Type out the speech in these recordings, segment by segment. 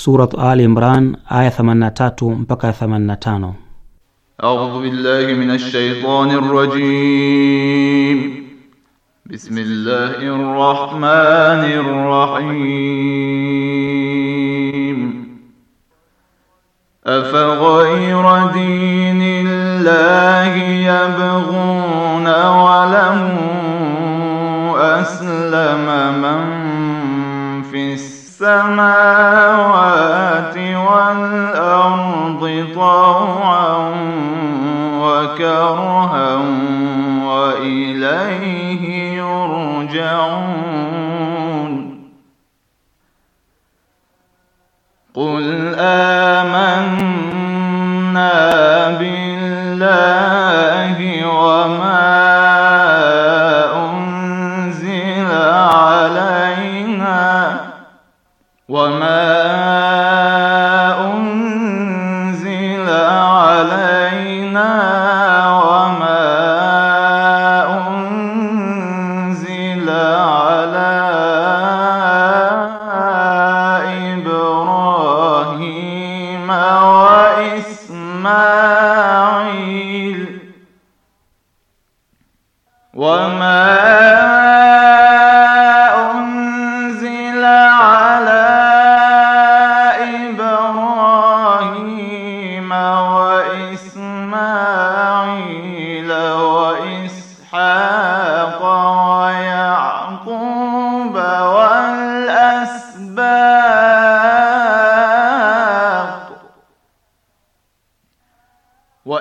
سورة آل Imran آية 83 بقى 85. أعوذ بالله من الشيطان الرجيم بسم الله الرحمن الرحيم أفغير دين الله يبغون ولم أسلم من في السماء السماوات والأرض طوعا وكرها وإليه يرجعون قل آمنا بالله وما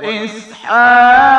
وإسحاق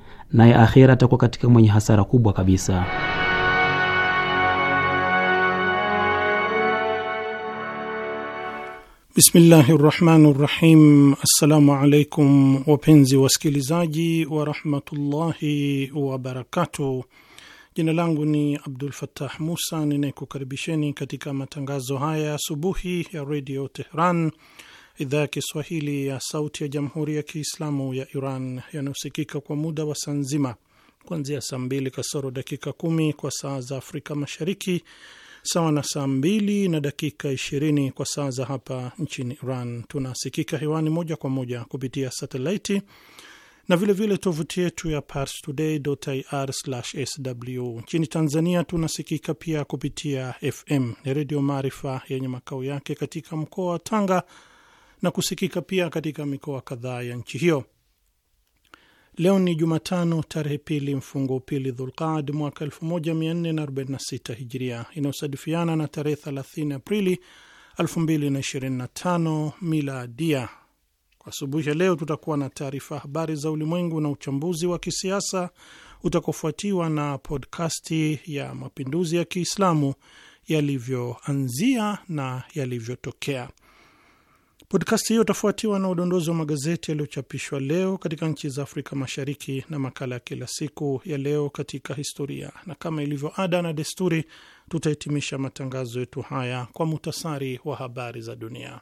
naye akhira atakuwa katika mwenye hasara kubwa kabisa. Bismillahi rahmani rahim. Assalamu alaikum wapenzi wasikilizaji warahmatullahi wabarakatuh. Jina langu ni Abdul Fattah Musa ninayekukaribisheni katika matangazo haya asubuhi ya redio Tehran idhaa ya Kiswahili ya Sauti ya Jamhuri ya Kiislamu ya Iran yanayosikika kwa muda wa saa nzima kuanzia saa mbili kasoro dakika kumi kwa saa za Afrika Mashariki, sawa na saa mbili na dakika ishirini kwa saa za hapa nchini Iran. Tunasikika hewani moja kwa moja kupitia satelaiti na vilevile tovuti yetu ya parstoday.ir/sw. Nchini Tanzania tunasikika pia kupitia FM ni Redio Maarifa yenye makao yake katika mkoa wa Tanga na kusikika pia katika mikoa kadhaa ya nchi hiyo. Leo ni Jumatano, tarehe pili mfungo pili Dhulqad mwaka 1446 Hijria, inayosadifiana na tarehe 30 Aprili 2025 Miladia. Kwa asubuhi ya leo tutakuwa na taarifa habari za ulimwengu na uchambuzi wa kisiasa utakofuatiwa na podkasti ya mapinduzi ya Kiislamu yalivyoanzia na yalivyotokea. Podkasti hiyo itafuatiwa na udondozi wa magazeti yaliyochapishwa leo katika nchi za Afrika Mashariki na makala ya kila siku ya leo katika historia, na kama ilivyo ada na desturi, tutahitimisha matangazo yetu haya kwa muhtasari wa habari za dunia.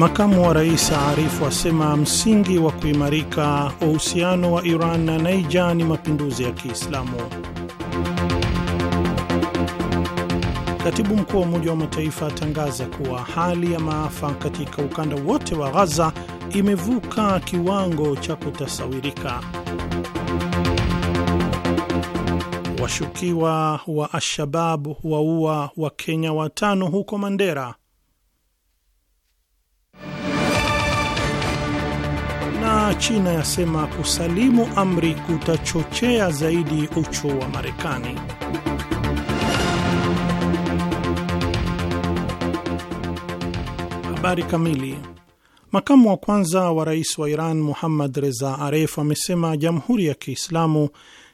Makamu wa rais Arif asema msingi wa kuimarika uhusiano wa Iran na Naija ni mapinduzi ya Kiislamu. Katibu mkuu wa Umoja wa Mataifa atangaza kuwa hali ya maafa katika ukanda wote wa Ghaza imevuka kiwango cha kutasawirika. Washukiwa wa Alshabab waua kenya watano huko Mandera China yasema kusalimu amri kutachochea zaidi uchu wa Marekani. Habari kamili. Makamu wa kwanza wa rais wa Iran Muhammad Reza Aref amesema Jamhuri ya Kiislamu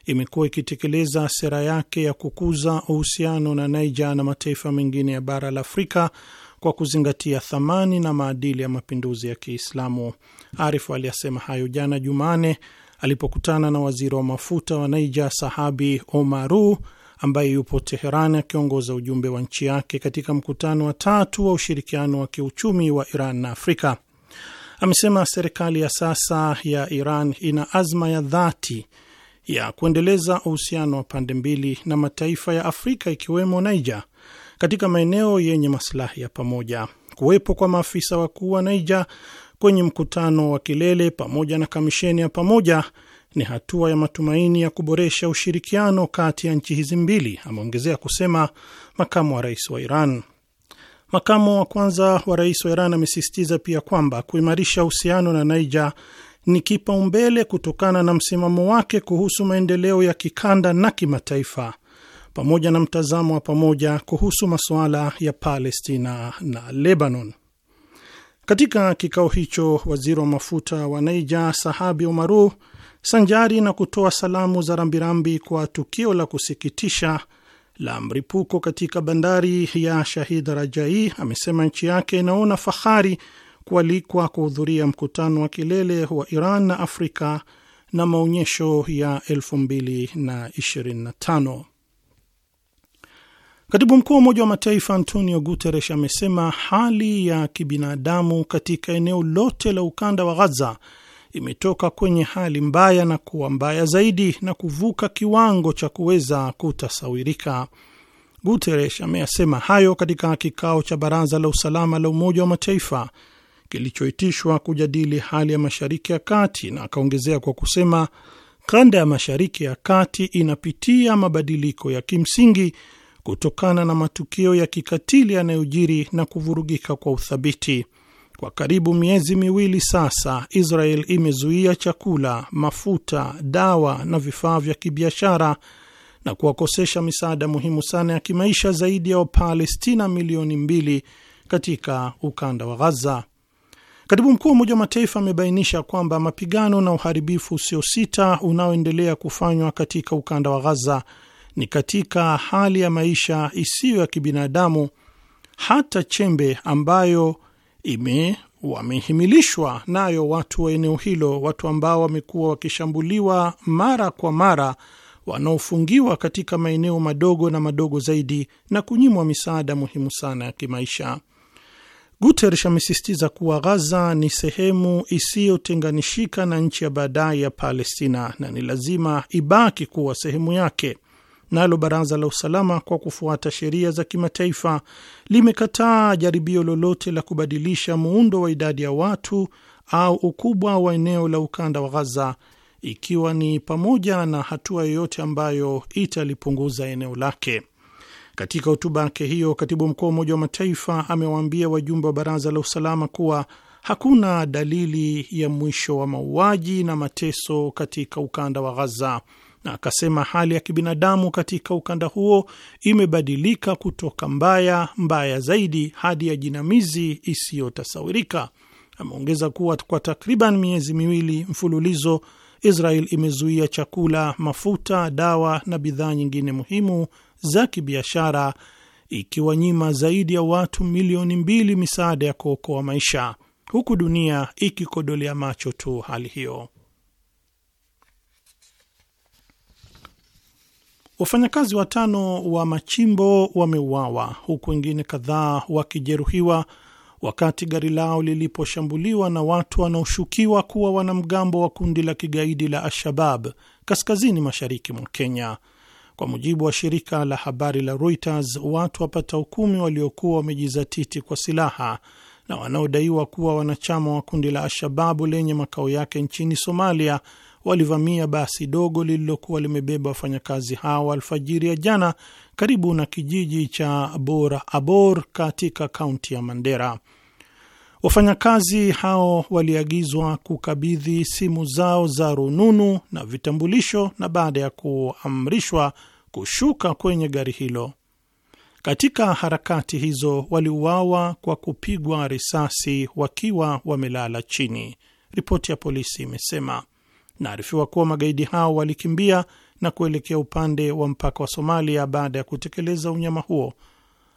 imekuwa ikitekeleza sera yake ya kukuza uhusiano na Naija na mataifa mengine ya bara la Afrika kwa kuzingatia thamani na maadili ya mapinduzi ya Kiislamu. Arif aliyasema hayo jana Jumane alipokutana na waziri wa mafuta wa Naija Sahabi Omaru ambaye yupo Teheran akiongoza ujumbe wa nchi yake katika mkutano wa tatu wa ushirikiano wa kiuchumi wa Iran na Afrika. Amesema serikali ya sasa ya Iran ina azma ya dhati ya kuendeleza uhusiano wa pande mbili na mataifa ya Afrika ikiwemo Niger katika maeneo yenye masilahi ya pamoja. Kuwepo kwa maafisa wakuu wa Naija kwenye mkutano wa kilele pamoja na kamisheni ya pamoja ni hatua ya matumaini ya kuboresha ushirikiano kati ya nchi hizi mbili, ameongezea kusema makamu wa rais wa Iran. Makamu wa kwanza wa rais wa Iran amesisitiza pia kwamba kuimarisha uhusiano na Naija ni kipaumbele kutokana na msimamo wake kuhusu maendeleo ya kikanda na kimataifa pamoja na mtazamo wa pamoja kuhusu masuala ya Palestina na Lebanon. Katika kikao hicho, waziri wa mafuta wa Naija Sahabi Umaru, sanjari na kutoa salamu za rambirambi kwa tukio la kusikitisha la mripuko katika bandari ya Shahid Rajai, amesema nchi yake inaona fahari kualikwa kuhudhuria mkutano wa kilele wa Iran na Afrika na maonyesho ya 2025. Katibu mkuu wa Umoja wa Mataifa Antonio Guterres amesema hali ya kibinadamu katika eneo lote la ukanda wa Ghaza imetoka kwenye hali mbaya na kuwa mbaya zaidi na kuvuka kiwango cha kuweza kutasawirika. Guterres ameyasema hayo katika kikao cha Baraza la Usalama la Umoja wa Mataifa kilichoitishwa kujadili hali ya Mashariki ya Kati, na akaongezea kwa kusema kanda ya Mashariki ya Kati inapitia mabadiliko ya kimsingi kutokana na matukio ya kikatili yanayojiri na kuvurugika kwa uthabiti. Kwa karibu miezi miwili sasa, Israel imezuia chakula, mafuta, dawa na vifaa vya kibiashara na kuwakosesha misaada muhimu sana ya kimaisha zaidi ya Wapalestina milioni mbili katika ukanda wa Ghaza. Katibu mkuu wa Umoja wa Mataifa amebainisha kwamba mapigano na uharibifu usiosita unaoendelea kufanywa katika ukanda wa Ghaza ni katika hali ya maisha isiyo ya kibinadamu, hata chembe ambayo ime wamehimilishwa nayo watu wa eneo hilo, watu ambao wamekuwa wakishambuliwa mara kwa mara, wanaofungiwa katika maeneo madogo na madogo zaidi na kunyimwa misaada muhimu sana ya kimaisha. Guterres amesisitiza kuwa Ghaza ni sehemu isiyotenganishika na nchi ya baadaye ya Palestina na ni lazima ibaki kuwa sehemu yake, Nalo baraza la usalama kwa kufuata sheria za kimataifa limekataa jaribio lolote la kubadilisha muundo wa idadi ya watu au ukubwa wa eneo la ukanda wa Ghaza, ikiwa ni pamoja na hatua yoyote ambayo italipunguza eneo lake. Katika hotuba yake hiyo, katibu mkuu wa Umoja wa Mataifa amewaambia wajumbe wa baraza la usalama kuwa hakuna dalili ya mwisho wa mauaji na mateso katika ukanda wa Ghaza na akasema hali ya kibinadamu katika ukanda huo imebadilika kutoka mbaya mbaya zaidi hadi ya jinamizi isiyotasawirika. Ameongeza kuwa kwa takriban miezi miwili mfululizo Israel imezuia chakula, mafuta, dawa na bidhaa nyingine muhimu za kibiashara, ikiwanyima zaidi ya watu milioni mbili misaada ya kuokoa maisha, huku dunia ikikodolea macho tu hali hiyo. Wafanyakazi watano wa machimbo wameuawa huku wengine kadhaa wakijeruhiwa wakati gari lao liliposhambuliwa na watu wanaoshukiwa kuwa wanamgambo wa kundi la kigaidi la Al-Shabab kaskazini mashariki mwa Kenya. Kwa mujibu wa shirika la habari la Reuters, watu wapatao kumi waliokuwa wamejizatiti kwa silaha na wanaodaiwa kuwa wanachama wa kundi la Al-Shababu lenye makao yake nchini Somalia walivamia basi dogo lililokuwa limebeba wafanyakazi hao alfajiri ya jana karibu na kijiji cha Bora Abor katika kaunti ya Mandera. Wafanyakazi hao waliagizwa kukabidhi simu zao za rununu na vitambulisho, na baada ya kuamrishwa kushuka kwenye gari hilo. Katika harakati hizo waliuawa kwa kupigwa risasi wakiwa wamelala chini, ripoti ya polisi imesema. Naarifiwa kuwa magaidi hao walikimbia na kuelekea upande wa mpaka wa Somalia baada ya kutekeleza unyama huo.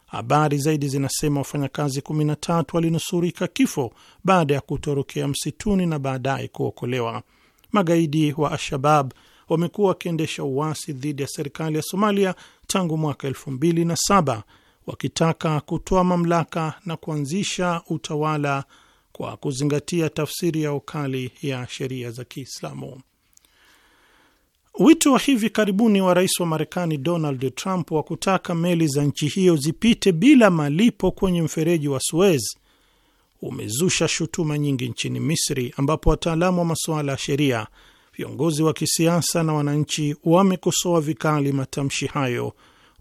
Habari zaidi zinasema wafanyakazi 13 walinusurika kifo baada ya kutorokea msituni na baadaye kuokolewa. Magaidi wa Al-Shabab wamekuwa wakiendesha uasi dhidi ya serikali ya Somalia tangu mwaka 2007 wakitaka kutoa mamlaka na kuanzisha utawala kwa kuzingatia tafsiri ya ukali ya sheria za Kiislamu. Wito wa hivi karibuni wa rais wa Marekani Donald Trump wa kutaka meli za nchi hiyo zipite bila malipo kwenye mfereji wa Suez umezusha shutuma nyingi nchini Misri, ambapo wataalamu wa masuala ya sheria, viongozi wa kisiasa na wananchi wamekosoa vikali matamshi hayo,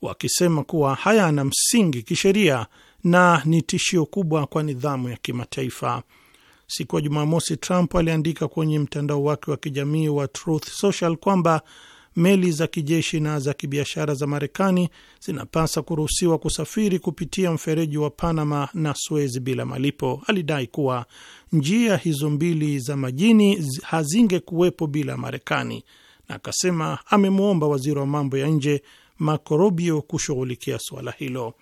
wakisema kuwa hayana msingi kisheria na ni tishio kubwa kwa nidhamu ya kimataifa. Siku ya Jumamosi, Trump aliandika kwenye mtandao wake wa kijamii wa Truth Social kwamba meli za kijeshi na za kibiashara za Marekani zinapasa kuruhusiwa kusafiri kupitia mfereji wa Panama na Suez bila malipo. Alidai kuwa njia hizo mbili za majini hazingekuwepo bila Marekani, na akasema amemwomba waziri wa mambo ya nje Marco Rubio kushughulikia suala hilo.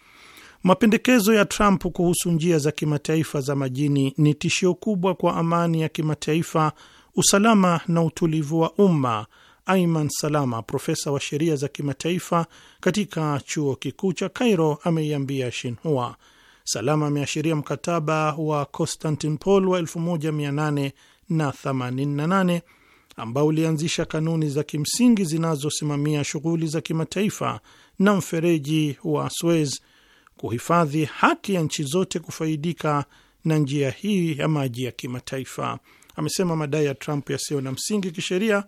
Mapendekezo ya Trump kuhusu njia za kimataifa za majini ni tishio kubwa kwa amani ya kimataifa, usalama na utulivu wa umma. Aiman Salama, profesa wa sheria za kimataifa katika chuo kikuu cha Cairo, ameiambia Shinhua. Salama ameashiria mkataba wa Constantinople wa 1888 ambao ulianzisha kanuni za kimsingi zinazosimamia shughuli za kimataifa na mfereji wa Suez kuhifadhi haki ya nchi zote kufaidika na njia hii ya maji ya kimataifa. Amesema madai ya Trump yasiyo na msingi kisheria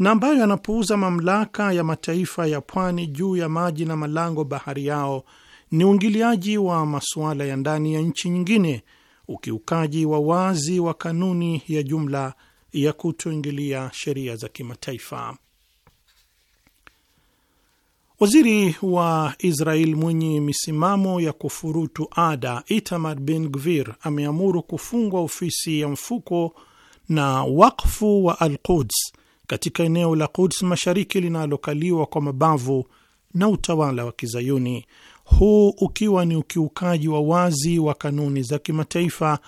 na ambayo yanapuuza mamlaka ya mataifa ya pwani juu ya maji na malango bahari yao ni uingiliaji wa masuala ya ndani ya nchi nyingine, ukiukaji wa wazi wa kanuni ya jumla ya kutoingilia sheria za kimataifa. Waziri wa Israel mwenye misimamo ya kufurutu ada Itamar Ben Gvir ameamuru kufungwa ofisi ya mfuko na wakfu wa Al Quds katika eneo la Quds mashariki linalokaliwa kwa mabavu na utawala wa Kizayuni, huu ukiwa ni ukiukaji wa wazi wa kanuni za kimataifa,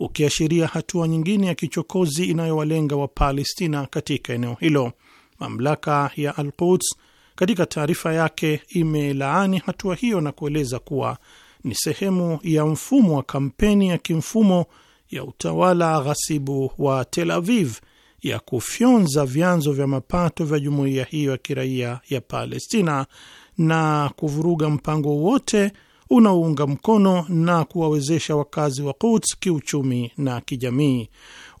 ukiashiria hatua nyingine ya kichokozi inayowalenga Wapalestina katika eneo hilo. Mamlaka ya Al Quds katika taarifa yake imelaani hatua hiyo na kueleza kuwa ni sehemu ya mfumo wa kampeni ya kimfumo ya utawala ghasibu wa Tel Aviv ya kufyonza vyanzo vya mapato vya jumuiya hiyo ya kiraia ya Palestina na kuvuruga mpango wote unaounga mkono na kuwawezesha wakazi wa Quds kiuchumi na kijamii.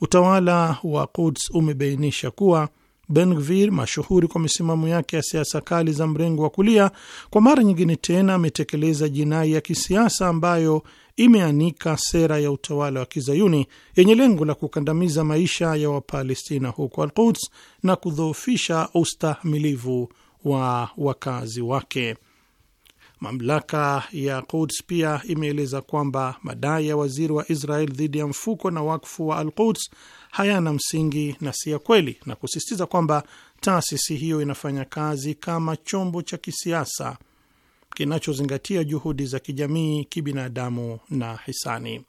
Utawala wa Quds umebainisha kuwa Ben mashuhuri kwa misimamo yake ya siasa kali za mrengo wa kulia, kwa mara nyingine tena ametekeleza jinai ya kisiasa ambayo imeanika sera ya utawala wa kizayuni yenye lengo la kukandamiza maisha ya Wapalestina huko al na kudhoofisha ustahimilivu wa wakazi wake. Mamlaka ya Quds pia imeeleza kwamba madai ya waziri wa Israel dhidi ya mfuko na wakfu wa al hayana msingi na si ya kweli, na kusisitiza kwamba taasisi hiyo inafanya kazi kama chombo cha kisiasa kinachozingatia juhudi za kijamii, kibinadamu na hisani.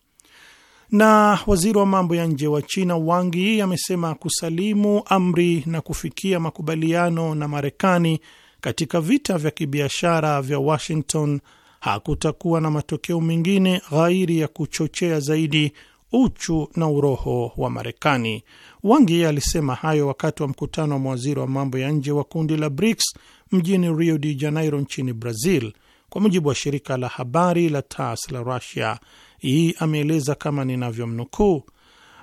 Na waziri wa mambo ya nje wa China Wang Yi amesema kusalimu amri na kufikia makubaliano na Marekani katika vita vya kibiashara vya Washington hakutakuwa na matokeo mengine ghairi ya kuchochea zaidi uchu na uroho wa Marekani. Wangi alisema hayo wakati wa mkutano wa mawaziri wa mambo ya nje wa kundi la BRICS mjini Rio de Janeiro nchini Brazil. Kwa mujibu wa shirika la habari la TASS la Russia, hii ameeleza kama ninavyomnukuu,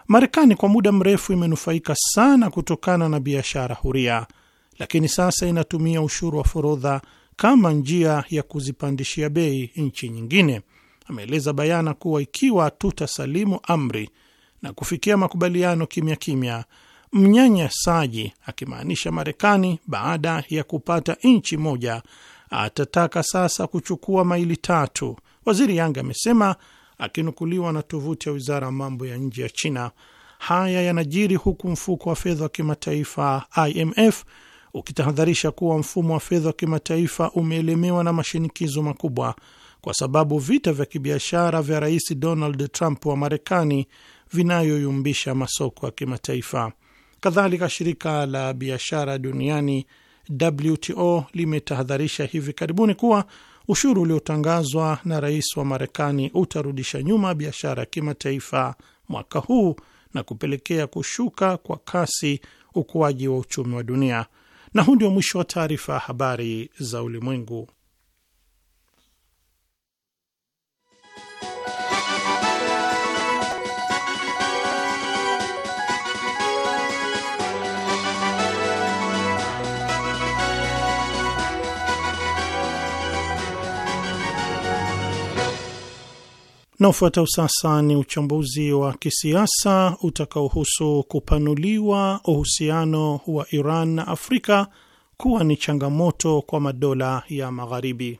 Marekani kwa muda mrefu imenufaika sana kutokana na biashara huria, lakini sasa inatumia ushuru wa forodha kama njia ya kuzipandishia bei nchi nyingine ameeleza bayana kuwa ikiwa tutasalimu amri na kufikia makubaliano kimya kimya, mnyanyasaji, akimaanisha Marekani, baada ya kupata nchi moja atataka sasa kuchukua maili tatu, waziri Yang amesema akinukuliwa na tovuti ya wizara ya mambo ya nje ya China. Haya yanajiri huku mfuko wa fedha wa kimataifa IMF ukitahadharisha kuwa mfumo wa fedha wa kimataifa umeelemewa na mashinikizo makubwa kwa sababu vita vya kibiashara vya Rais Donald Trump wa Marekani vinayoyumbisha masoko ya kimataifa. Kadhalika, shirika la biashara duniani WTO limetahadharisha hivi karibuni kuwa ushuru uliotangazwa na rais wa Marekani utarudisha nyuma biashara ya kimataifa mwaka huu na kupelekea kushuka kwa kasi ukuaji wa uchumi wa dunia. Na huu ndio mwisho wa taarifa ya habari za ulimwengu. Na ufuatao sasa ni uchambuzi wa kisiasa utakaohusu kupanuliwa uhusiano wa Iran na Afrika kuwa ni changamoto kwa madola ya Magharibi.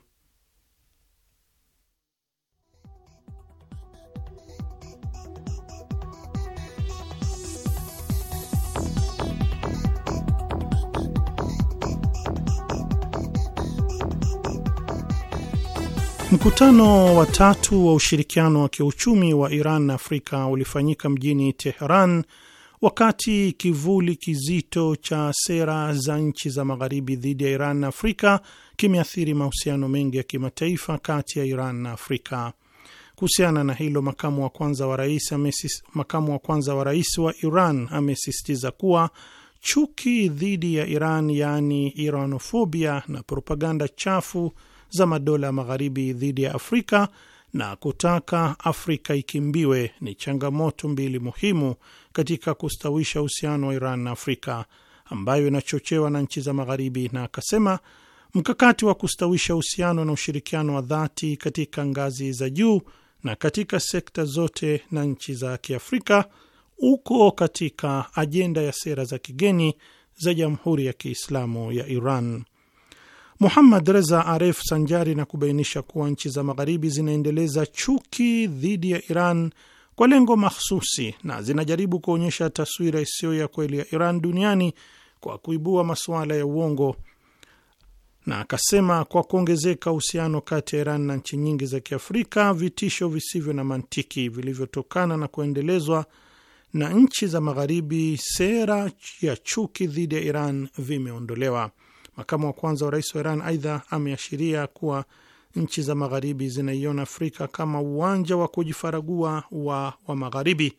Mkutano wa tatu wa ushirikiano wa kiuchumi wa Iran na Afrika ulifanyika mjini Teheran wakati kivuli kizito cha sera za nchi za magharibi dhidi ya Iran na Afrika kimeathiri mahusiano mengi ya kimataifa kati ya Iran na Afrika. Kuhusiana na hilo, makamu wa kwanza wa rais, amesis, makamu wa kwanza wa rais wa Iran amesisitiza kuwa chuki dhidi ya Iran, yaani Iranofobia, na propaganda chafu za madola magharibi dhidi ya Afrika na kutaka Afrika ikimbiwe ni changamoto mbili muhimu katika kustawisha uhusiano wa Iran na Afrika ambayo inachochewa na nchi za magharibi, na akasema mkakati wa kustawisha uhusiano na ushirikiano wa dhati katika ngazi za juu na katika sekta zote na nchi za Kiafrika uko katika ajenda ya sera za kigeni za Jamhuri ya Kiislamu ya Iran. Muhammad Reza Aref sanjari na kubainisha kuwa nchi za Magharibi zinaendeleza chuki dhidi ya Iran kwa lengo mahsusi na zinajaribu kuonyesha taswira isiyo ya kweli ya Iran duniani kwa kuibua masuala ya uongo, na akasema, kwa kuongezeka uhusiano kati ya Iran na nchi nyingi za Kiafrika, vitisho visivyo na mantiki vilivyotokana na kuendelezwa na nchi za Magharibi sera ya chuki dhidi ya Iran vimeondolewa. Makamu wa kwanza wa rais wa Iran aidha ameashiria kuwa nchi za magharibi zinaiona Afrika kama uwanja wa kujifaragua wa wa magharibi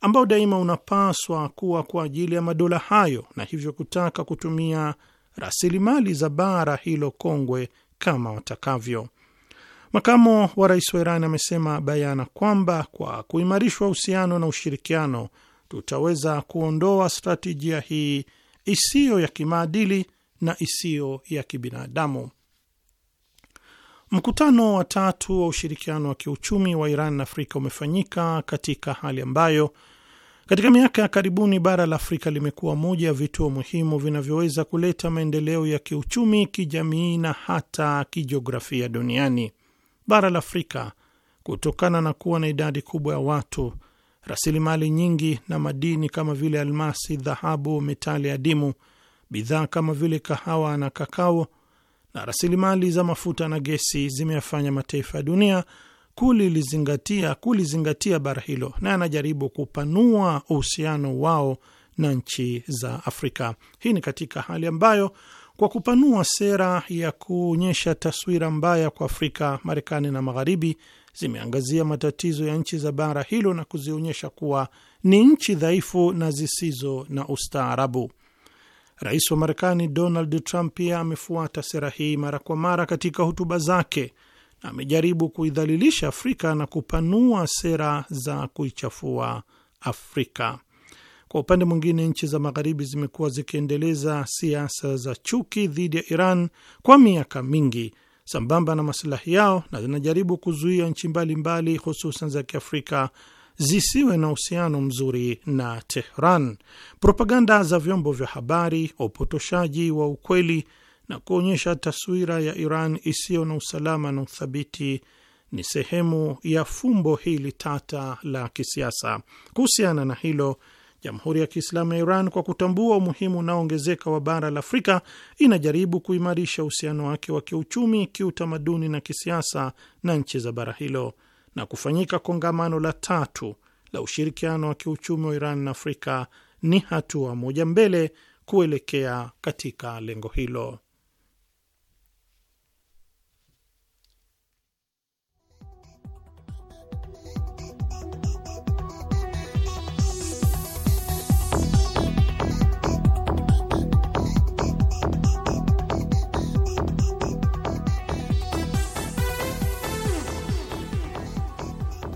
ambao daima unapaswa kuwa kwa ajili ya madola hayo na hivyo kutaka kutumia rasilimali za bara hilo kongwe kama watakavyo. Makamo wa rais wa Iran amesema bayana kwamba kwa kuimarishwa uhusiano na ushirikiano tutaweza kuondoa stratejia hii isiyo ya kimaadili na isiyo ya kibinadamu. Mkutano wa tatu wa ushirikiano wa kiuchumi wa Iran na Afrika umefanyika katika hali ambayo katika miaka ya karibuni bara la Afrika limekuwa moja ya vituo muhimu vinavyoweza kuleta maendeleo ya kiuchumi, kijamii na hata kijiografia duniani. Bara la Afrika, kutokana na kuwa na idadi kubwa ya watu, rasilimali nyingi na madini kama vile almasi, dhahabu, metali adimu bidhaa kama vile kahawa na kakao na rasilimali za mafuta na gesi zimeyafanya mataifa ya dunia kulizingatia kulizingatia bara hilo na yanajaribu kupanua uhusiano wao na nchi za Afrika. Hii ni katika hali ambayo kwa kupanua sera ya kuonyesha taswira mbaya kwa Afrika, Marekani na Magharibi zimeangazia matatizo ya nchi za bara hilo na kuzionyesha kuwa ni nchi dhaifu na zisizo na ustaarabu. Rais wa Marekani Donald Trump pia amefuata sera hii mara kwa mara katika hotuba zake na amejaribu kuidhalilisha Afrika na kupanua sera za kuichafua Afrika. Kwa upande mwingine, nchi za Magharibi zimekuwa zikiendeleza siasa za chuki dhidi ya Iran kwa miaka mingi sambamba na masilahi yao na zinajaribu kuzuia nchi mbalimbali hususan za Kiafrika zisiwe na uhusiano mzuri na Tehran. Propaganda za vyombo vya habari, upotoshaji wa ukweli na kuonyesha taswira ya Iran isiyo na usalama na uthabiti ni sehemu ya fumbo hili tata la kisiasa. Kuhusiana na hilo, Jamhuri ya Kiislamu ya Iran kwa kutambua umuhimu unaoongezeka wa bara la Afrika inajaribu kuimarisha uhusiano wake wa kiuchumi, kiutamaduni na kisiasa na nchi za bara hilo na kufanyika kongamano la tatu la ushirikiano wa kiuchumi wa Iran na Afrika ni hatua moja mbele kuelekea katika lengo hilo.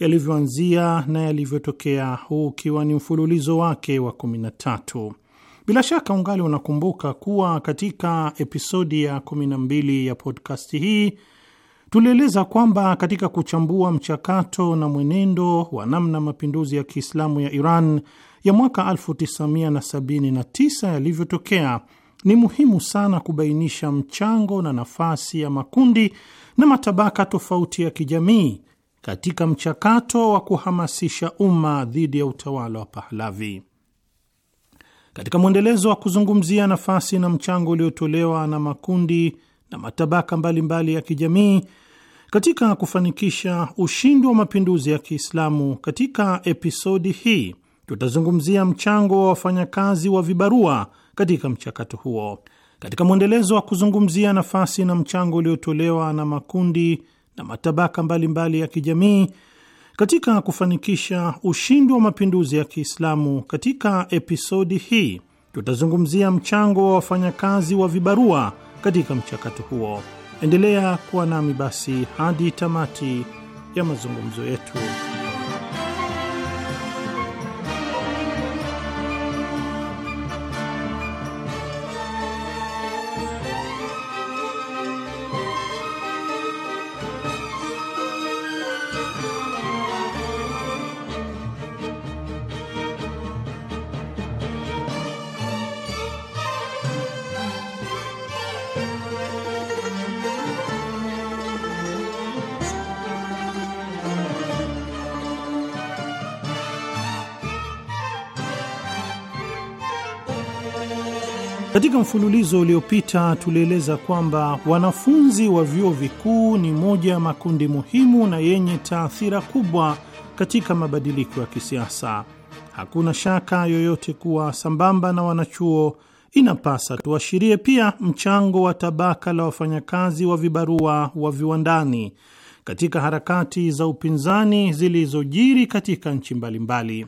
yalivyoanzia na yalivyotokea, huu ukiwa ni mfululizo wake wa tatu. Bila shaka ungali unakumbuka kuwa katika episodi ya 12 ya podkasti hii tulieleza kwamba katika kuchambua mchakato na mwenendo wa namna mapinduzi ya Kiislamu ya Iran ya mwaka 1979 yalivyotokea ni muhimu sana kubainisha mchango na nafasi ya makundi na matabaka tofauti ya kijamii katika mchakato wa kuhamasisha umma dhidi ya utawala wa Pahlavi. Katika mwendelezo wa kuzungumzia nafasi na mchango uliotolewa na makundi na matabaka mbalimbali mbali ya kijamii katika kufanikisha ushindi wa mapinduzi ya Kiislamu, katika episodi hii tutazungumzia mchango wa wafanyakazi wa vibarua katika mchakato huo. Katika mwendelezo wa kuzungumzia nafasi na mchango uliotolewa na makundi na matabaka mbalimbali mbali ya kijamii katika kufanikisha ushindi wa mapinduzi ya Kiislamu. Katika episodi hii tutazungumzia mchango wa wafanyakazi wa vibarua katika mchakato huo. Endelea kuwa nami basi hadi tamati ya mazungumzo yetu. Katika mfululizo uliopita tulieleza kwamba wanafunzi wa vyuo vikuu ni moja ya makundi muhimu na yenye taathira kubwa katika mabadiliko ya kisiasa. Hakuna shaka yoyote kuwa sambamba na wanachuo, inapasa tuashirie pia mchango wa tabaka la wafanyakazi wa vibarua wa viwandani katika harakati za upinzani zilizojiri katika nchi mbalimbali.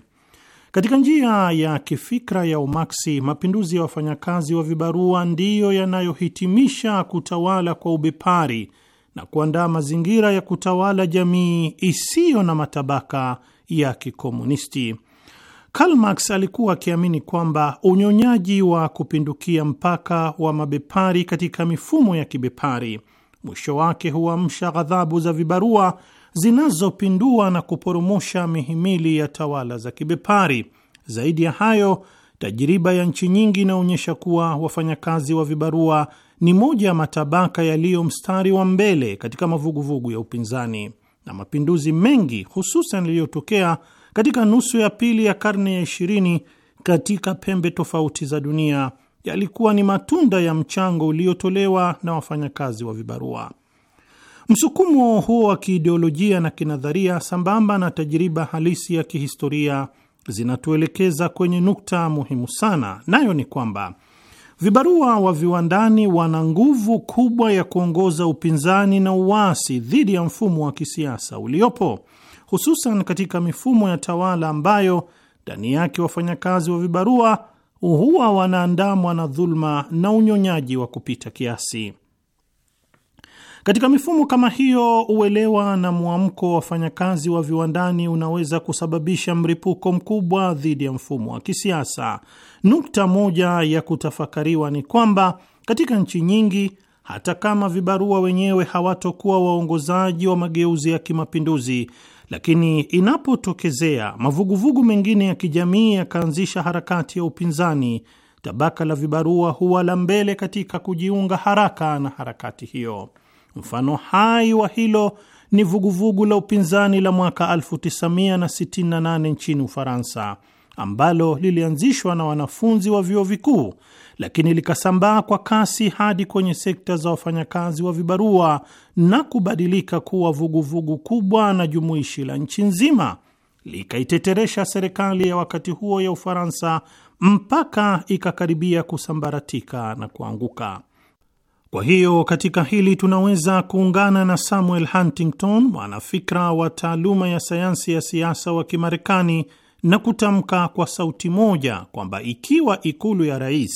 Katika njia ya kifikra ya Umaksi, mapinduzi ya wafanyakazi wa vibarua ndiyo yanayohitimisha kutawala kwa ubepari na kuandaa mazingira ya kutawala jamii isiyo na matabaka ya kikomunisti. Karl Marx alikuwa akiamini kwamba unyonyaji wa kupindukia mpaka wa mabepari katika mifumo ya kibepari mwisho wake huamsha ghadhabu za vibarua zinazopindua na kuporomosha mihimili ya tawala za kibepari. Zaidi ya hayo, tajiriba ya nchi nyingi inaonyesha kuwa wafanyakazi wa vibarua ni moja ya matabaka yaliyo mstari wa mbele katika mavuguvugu ya upinzani, na mapinduzi mengi hususan yaliyotokea katika nusu ya pili ya karne ya ishirini katika pembe tofauti za dunia yalikuwa ni matunda ya mchango uliotolewa na wafanyakazi wa vibarua. Msukumo huo wa kiideolojia na kinadharia sambamba na tajiriba halisi ya kihistoria zinatuelekeza kwenye nukta muhimu sana, nayo ni kwamba vibarua wa viwandani wana nguvu kubwa ya kuongoza upinzani na uasi dhidi ya mfumo wa kisiasa uliopo, hususan katika mifumo ya tawala ambayo ndani yake wafanyakazi wa vibarua huwa wanaandamwa na dhuluma na unyonyaji wa kupita kiasi. Katika mifumo kama hiyo, uelewa na mwamko wa wafanyakazi wa viwandani unaweza kusababisha mripuko mkubwa dhidi ya mfumo wa kisiasa. Nukta moja ya kutafakariwa ni kwamba katika nchi nyingi, hata kama vibarua wenyewe hawatokuwa waongozaji wa mageuzi ya kimapinduzi, lakini inapotokezea mavuguvugu mengine ya kijamii yakaanzisha harakati ya upinzani, tabaka la vibarua huwa la mbele katika kujiunga haraka na harakati hiyo. Mfano hai wa hilo ni vuguvugu la upinzani la mwaka 1968 nchini Ufaransa ambalo lilianzishwa na wanafunzi wa vyuo vikuu lakini likasambaa kwa kasi hadi kwenye sekta za wafanyakazi wa vibarua na kubadilika kuwa vuguvugu kubwa na jumuishi la nchi nzima, likaiteteresha serikali ya wakati huo ya Ufaransa mpaka ikakaribia kusambaratika na kuanguka. Kwa hiyo katika hili tunaweza kuungana na Samuel Huntington, mwanafikra wa taaluma ya sayansi ya siasa wa Kimarekani, na kutamka kwa sauti moja kwamba ikiwa ikulu ya rais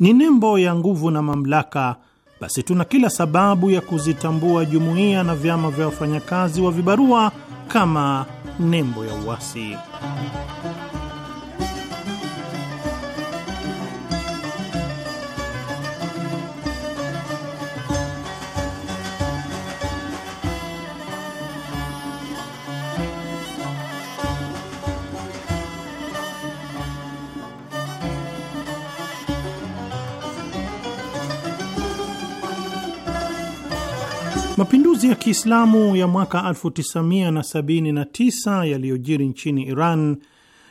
ni nembo ya nguvu na mamlaka, basi tuna kila sababu ya kuzitambua jumuiya na vyama vya wafanyakazi wa vibarua kama nembo ya uasi. Mapinduzi ya Kiislamu ya mwaka 1979 yaliyojiri nchini Iran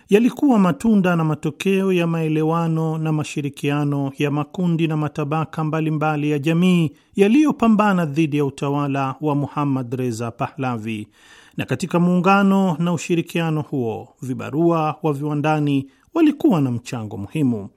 yalikuwa matunda na matokeo ya maelewano na mashirikiano ya makundi na matabaka mbalimbali mbali ya jamii yaliyopambana dhidi ya utawala wa Muhammad Reza Pahlavi. Na katika muungano na ushirikiano huo, vibarua wa viwandani walikuwa na mchango muhimu.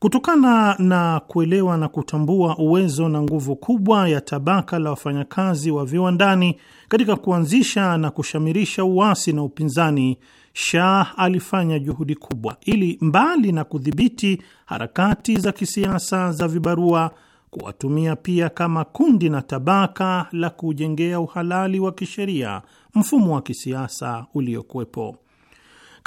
Kutokana na kuelewa na kutambua uwezo na nguvu kubwa ya tabaka la wafanyakazi wa viwandani katika kuanzisha na kushamirisha uasi na upinzani, Shah alifanya juhudi kubwa ili mbali na kudhibiti harakati za kisiasa za vibarua, kuwatumia pia kama kundi na tabaka la kujengea uhalali wa kisheria mfumo wa kisiasa uliokuwepo.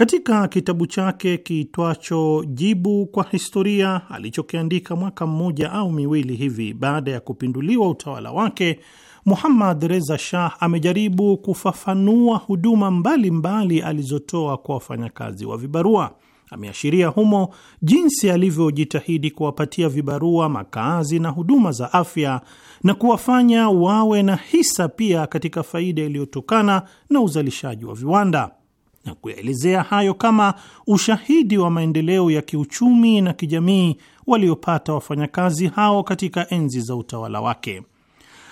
Katika kitabu chake kiitwacho Jibu kwa Historia alichokiandika mwaka mmoja au miwili hivi baada ya kupinduliwa utawala wake, Muhammad Reza Shah amejaribu kufafanua huduma mbalimbali mbali alizotoa kwa wafanyakazi wa vibarua. Ameashiria humo jinsi alivyojitahidi kuwapatia vibarua makazi na huduma za afya na kuwafanya wawe na hisa pia katika faida iliyotokana na uzalishaji wa viwanda na kuyaelezea hayo kama ushahidi wa maendeleo ya kiuchumi na kijamii waliopata wafanyakazi hao katika enzi za utawala wake.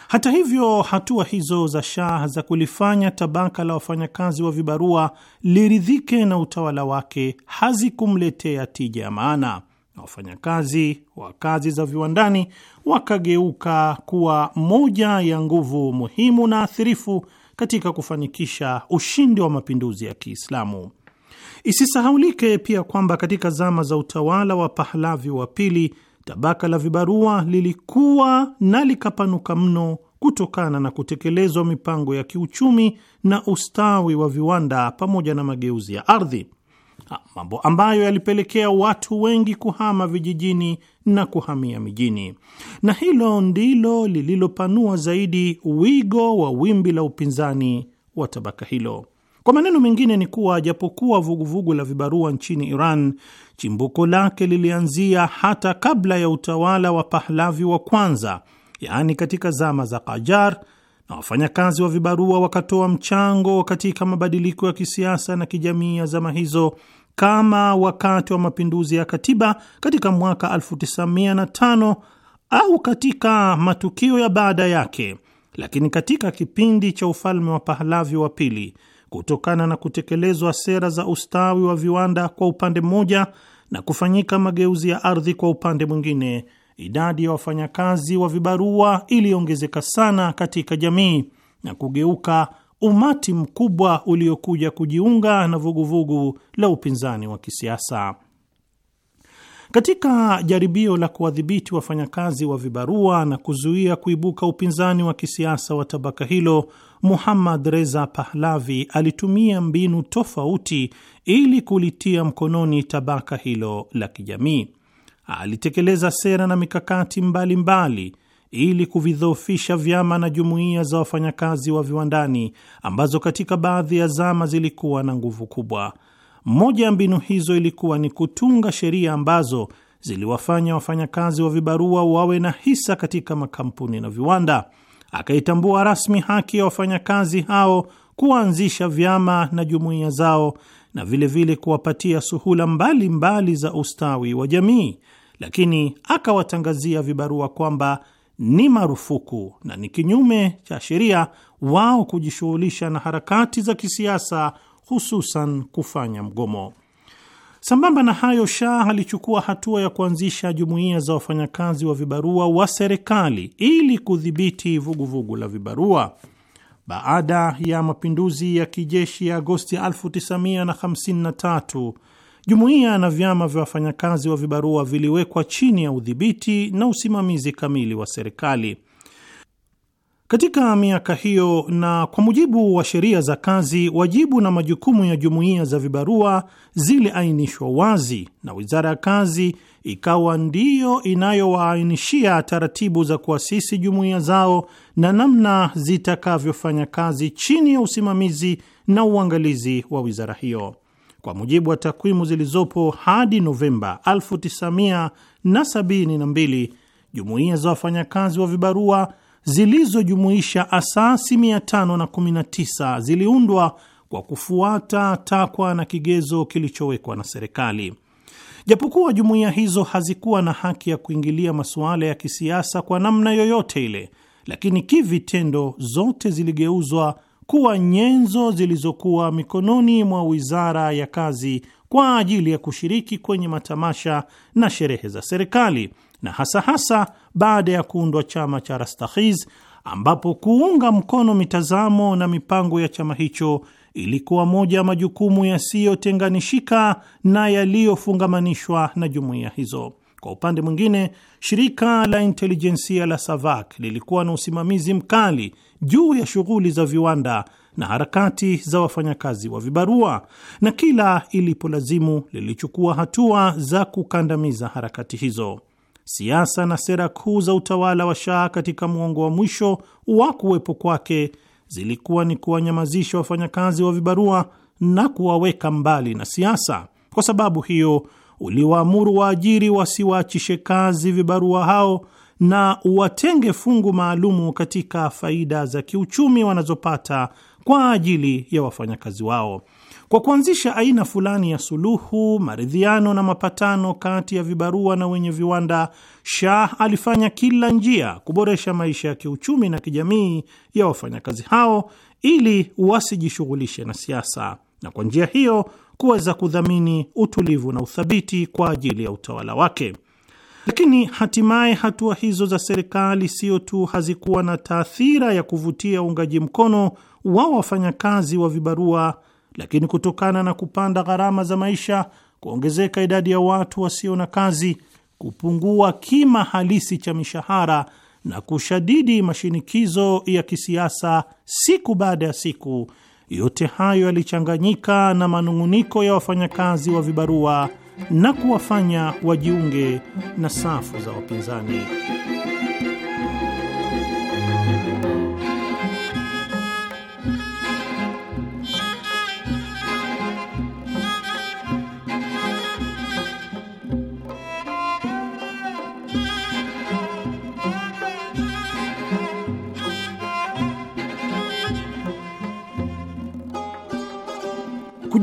Hata hivyo, hatua hizo za Shah za kulifanya tabaka la wafanyakazi wa vibarua liridhike na utawala wake hazikumletea tija ya maana, na wafanyakazi wa kazi za viwandani wakageuka kuwa moja ya nguvu muhimu na athirifu katika kufanikisha ushindi wa mapinduzi ya Kiislamu. Isisahaulike pia kwamba katika zama za utawala wa Pahlavi wa pili, tabaka la vibarua lilikuwa na likapanuka mno kutokana na kutekelezwa mipango ya kiuchumi na ustawi wa viwanda pamoja na mageuzi ya ardhi, mambo ambayo yalipelekea watu wengi kuhama vijijini na kuhamia mijini, na hilo ndilo lililopanua zaidi wigo wa wimbi la upinzani wa tabaka hilo. Kwa maneno mengine ni kuwa japokuwa vuguvugu la vibarua nchini Iran chimbuko lake lilianzia hata kabla ya utawala wa Pahlavi wa kwanza, yaani katika zama za kajar na wafanyakazi wa vibarua wakatoa mchango katika mabadiliko ya kisiasa na kijamii ya zama hizo kama wakati wa mapinduzi ya katiba katika mwaka 1905 au katika matukio ya baada yake, lakini katika kipindi cha ufalme wa Pahlavi wa pili, kutokana na kutekelezwa sera za ustawi wa viwanda kwa upande mmoja na kufanyika mageuzi ya ardhi kwa upande mwingine, idadi ya wafanyakazi wa vibarua iliongezeka sana katika jamii na kugeuka umati mkubwa uliokuja kujiunga na vuguvugu vugu la upinzani wa kisiasa. Katika jaribio la kuwadhibiti wafanyakazi wa vibarua na kuzuia kuibuka upinzani wa kisiasa wa tabaka hilo, Muhammad Reza Pahlavi alitumia mbinu tofauti ili kulitia mkononi tabaka hilo la kijamii. Alitekeleza sera na mikakati mbalimbali mbali ili kuvidhoofisha vyama na jumuiya za wafanyakazi wa viwandani ambazo katika baadhi ya zama zilikuwa na nguvu kubwa. Moja ya mbinu hizo ilikuwa ni kutunga sheria ambazo ziliwafanya wafanyakazi wa vibarua wawe na hisa katika makampuni na viwanda. Akaitambua rasmi haki ya wafanyakazi hao kuwaanzisha vyama na jumuiya zao na vilevile kuwapatia suhula mbalimbali mbali za ustawi wa jamii, lakini akawatangazia vibarua kwamba ni marufuku na ni kinyume cha sheria wao kujishughulisha na harakati za kisiasa, hususan kufanya mgomo. Sambamba na hayo, Shah alichukua hatua ya kuanzisha jumuiya za wafanyakazi wa vibarua wa serikali ili kudhibiti vuguvugu la vibarua. Baada ya mapinduzi ya kijeshi ya Agosti 1953 Jumuiya na vyama vya wafanyakazi wa vibarua viliwekwa chini ya udhibiti na usimamizi kamili wa serikali katika miaka hiyo, na kwa mujibu wa sheria za kazi, wajibu na majukumu ya jumuiya za vibarua ziliainishwa wazi, na wizara ya kazi ikawa ndiyo inayowaainishia taratibu za kuasisi jumuiya zao na namna zitakavyofanya kazi chini ya usimamizi na uangalizi wa wizara hiyo. Kwa mujibu wa takwimu zilizopo hadi Novemba 1972 jumuiya za wafanyakazi wa vibarua zilizojumuisha asasi 519 ziliundwa kwa kufuata takwa na kigezo kilichowekwa na serikali. Japokuwa jumuiya hizo hazikuwa na haki ya kuingilia masuala ya kisiasa kwa namna yoyote ile, lakini kivitendo zote ziligeuzwa kuwa nyenzo zilizokuwa mikononi mwa Wizara ya Kazi kwa ajili ya kushiriki kwenye matamasha na sherehe za serikali na hasa hasa baada ya kuundwa chama cha Rastakhiz, ambapo kuunga mkono mitazamo na mipango ya chama hicho ilikuwa moja ya majukumu yasiyotenganishika na yaliyofungamanishwa na jumuiya hizo. Kwa upande mwingine, shirika la intelijensia la SAVAK lilikuwa na usimamizi mkali juu ya shughuli za viwanda na harakati za wafanyakazi wa vibarua, na kila ilipolazimu lilichukua hatua za kukandamiza harakati hizo. Siasa na sera kuu za utawala wa Shah katika mwongo wa mwisho wa kuwepo kwake zilikuwa ni kuwanyamazisha wafanyakazi wa vibarua na kuwaweka mbali na siasa. Kwa sababu hiyo, uliwaamuru waajiri wasiwaachishe kazi vibarua hao na watenge fungu maalumu katika faida za kiuchumi wanazopata kwa ajili ya wafanyakazi wao. Kwa kuanzisha aina fulani ya suluhu, maridhiano na mapatano kati ya vibarua na wenye viwanda, Shah alifanya kila njia kuboresha maisha ya kiuchumi na kijamii ya wafanyakazi hao ili wasijishughulishe na siasa, na kwa njia hiyo kuweza kudhamini utulivu na uthabiti kwa ajili ya utawala wake. Lakini hatimaye hatua hizo za serikali sio tu hazikuwa na taathira ya kuvutia uungaji mkono wa wafanyakazi wa vibarua, lakini kutokana na kupanda gharama za maisha, kuongezeka idadi ya watu wasio na kazi, kupungua kima halisi cha mishahara na kushadidi mashinikizo ya kisiasa siku baada ya siku, yote hayo yalichanganyika na manung'uniko ya wafanyakazi wa vibarua na kuwafanya wajiunge na safu za wapinzani.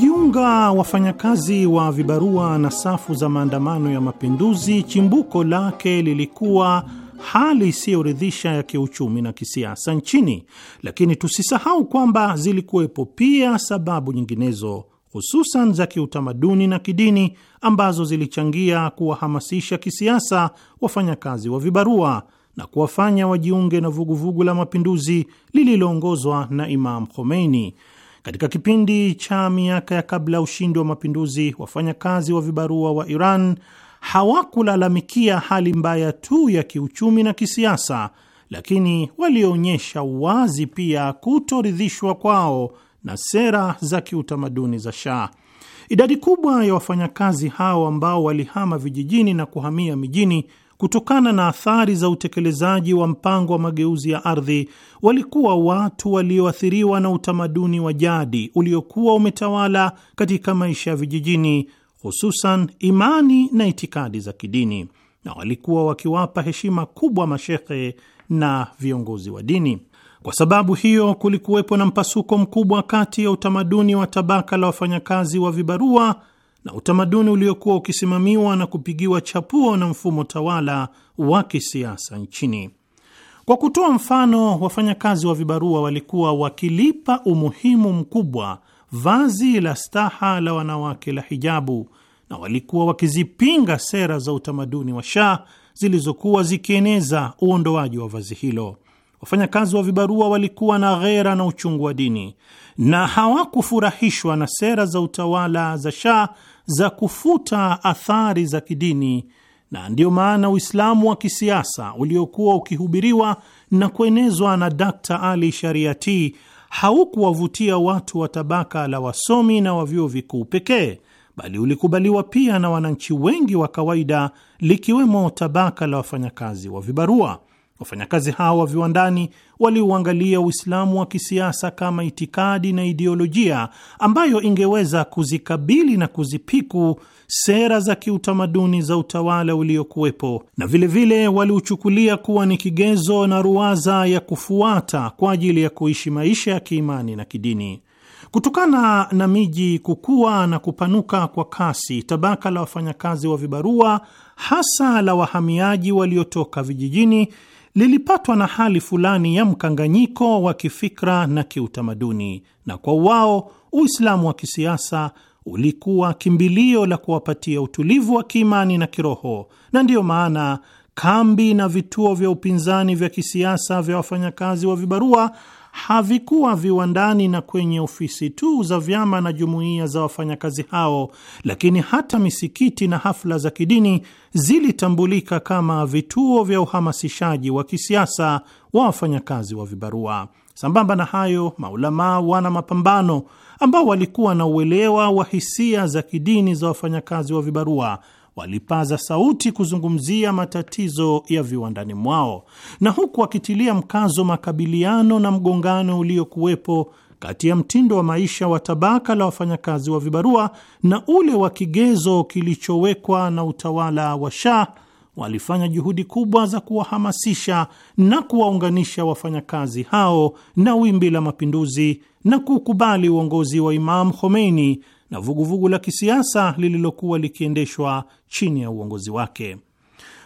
Kujiunga wafanyakazi wa vibarua na safu za maandamano ya mapinduzi, chimbuko lake lilikuwa hali isiyoridhisha ya kiuchumi na kisiasa nchini, lakini tusisahau kwamba zilikuwepo pia sababu nyinginezo, hususan za kiutamaduni na kidini, ambazo zilichangia kuwahamasisha kisiasa wafanyakazi wa vibarua na kuwafanya wajiunge na vuguvugu la mapinduzi lililoongozwa na Imam Khomeini katika kipindi cha miaka ya kabla ya ushindi wa mapinduzi, wafanyakazi wa vibarua wa Iran hawakulalamikia hali mbaya tu ya kiuchumi na kisiasa, lakini walionyesha wazi pia kutoridhishwa kwao na sera za kiutamaduni za Shah. Idadi kubwa ya wafanyakazi hao ambao walihama vijijini na kuhamia mijini kutokana na athari za utekelezaji wa mpango wa mageuzi ya ardhi, walikuwa watu walioathiriwa na utamaduni wa jadi uliokuwa umetawala katika maisha ya vijijini, hususan imani na itikadi za kidini, na walikuwa wakiwapa heshima kubwa mashehe na viongozi wa dini. Kwa sababu hiyo, kulikuwepo na mpasuko mkubwa kati ya utamaduni wa tabaka la wafanyakazi wa vibarua na utamaduni uliokuwa ukisimamiwa na kupigiwa chapuo na mfumo tawala wa kisiasa nchini. Kwa kutoa mfano, wafanyakazi wa vibarua walikuwa wakilipa umuhimu mkubwa vazi la staha la wanawake la hijabu, na walikuwa wakizipinga sera za utamaduni wa Shah zilizokuwa zikieneza uondoaji wa vazi hilo. Wafanyakazi wa vibarua walikuwa na ghera na uchungu wa dini na hawakufurahishwa na sera za utawala za Shah za kufuta athari za kidini, na ndiyo maana Uislamu wa kisiasa uliokuwa ukihubiriwa na kuenezwa na d Ali Shariati haukuwavutia watu wa tabaka la wasomi na wa vyuo vikuu pekee, bali ulikubaliwa pia na wananchi wengi wa kawaida, likiwemo tabaka la wafanyakazi wa vibarua. Wafanyakazi hao wa viwandani waliuangalia Uislamu wa kisiasa kama itikadi na ideolojia ambayo ingeweza kuzikabili na kuzipiku sera za kiutamaduni za utawala uliokuwepo, na vilevile waliuchukulia kuwa ni kigezo na ruwaza ya kufuata kwa ajili ya kuishi maisha ya kiimani na kidini. Kutokana na miji kukua na kupanuka kwa kasi, tabaka la wafanyakazi wa vibarua hasa la wahamiaji waliotoka vijijini lilipatwa na hali fulani ya mkanganyiko wa kifikra na kiutamaduni, na kwa wao Uislamu wa kisiasa ulikuwa kimbilio la kuwapatia utulivu wa kiimani na kiroho, na ndiyo maana kambi na vituo vya upinzani vya kisiasa vya wafanyakazi wa vibarua havikuwa viwandani na kwenye ofisi tu za vyama na jumuiya za wafanyakazi hao, lakini hata misikiti na hafla za kidini zilitambulika kama vituo vya uhamasishaji wa kisiasa wa wafanyakazi wa vibarua. Sambamba na hayo, maulamaa wana mapambano ambao walikuwa na uelewa wa hisia za kidini za wafanyakazi wa vibarua walipaza sauti kuzungumzia matatizo ya viwandani mwao, na huku wakitilia mkazo makabiliano na mgongano uliokuwepo kati ya mtindo wa maisha wa tabaka la wafanyakazi wa vibarua na ule wa kigezo kilichowekwa na utawala wa Shah, walifanya juhudi kubwa za kuwahamasisha na kuwaunganisha wafanyakazi hao na wimbi la mapinduzi na kukubali uongozi wa Imam Khomeini na vuguvugu la kisiasa lililokuwa likiendeshwa chini ya uongozi wake.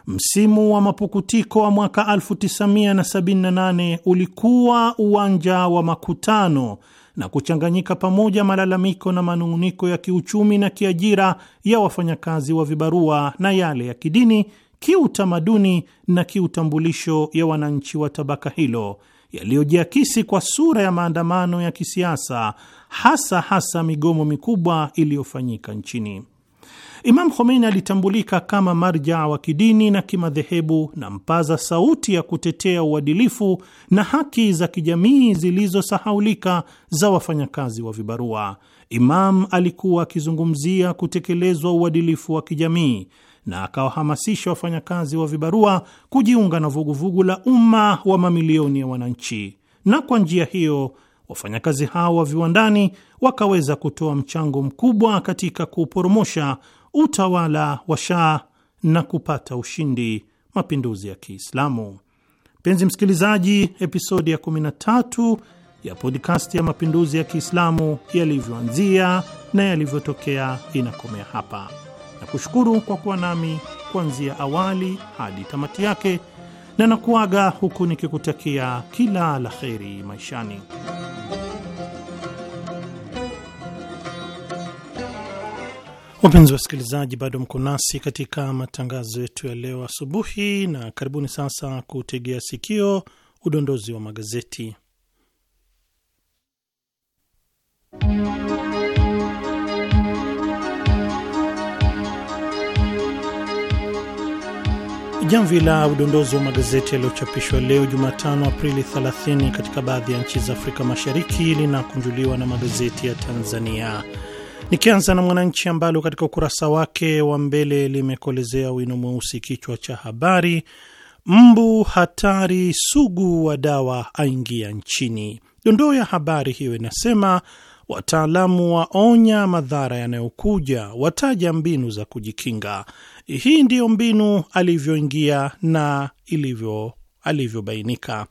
Msimu wa mapukutiko wa mwaka 1978 ulikuwa uwanja wa makutano na kuchanganyika pamoja malalamiko na manung'uniko ya kiuchumi na kiajira ya wafanyakazi wa vibarua na yale ya kidini, kiutamaduni na kiutambulisho ya wananchi wa tabaka hilo yaliyojiakisi kwa sura ya maandamano ya kisiasa, hasa hasa migomo mikubwa iliyofanyika nchini. Imam Khomeini alitambulika kama marjaa wa kidini na kimadhehebu na mpaza sauti ya kutetea uadilifu na haki za kijamii zilizosahaulika za wafanyakazi wa vibarua. Imam alikuwa akizungumzia kutekelezwa uadilifu wa kijamii na akawahamasisha wafanyakazi wa vibarua kujiunga na vuguvugu la umma wa mamilioni ya wananchi, na kwa njia hiyo wafanyakazi hao wa viwandani wakaweza kutoa mchango mkubwa katika kuporomosha utawala wa Shah na kupata ushindi mapinduzi ya Kiislamu. Mpenzi msikilizaji, episodi ya 13 ya podkasti ya mapinduzi ya Kiislamu yalivyoanzia na yalivyotokea inakomea hapa na kushukuru kwa kuwa nami kuanzia awali hadi tamati yake, na nakuaga huku nikikutakia kila la kheri maishani. Wapenzi wasikilizaji, bado mko nasi katika matangazo yetu ya leo asubuhi, na karibuni sasa kutegea sikio udondozi wa magazeti. Jamvi la udondozi wa magazeti yaliyochapishwa leo Jumatano, Aprili 30 katika baadhi ya nchi za Afrika Mashariki linakunjuliwa na magazeti ya Tanzania, nikianza na Mwananchi ambalo katika ukurasa wake wa mbele limekolezea wino mweusi kichwa cha habari, mbu hatari sugu wa dawa aingia nchini. Dondoo ya habari hiyo inasema wataalamu waonya madhara yanayokuja, wataja mbinu za kujikinga. Hii ndiyo mbinu alivyoingia na ilivyo alivyobainika.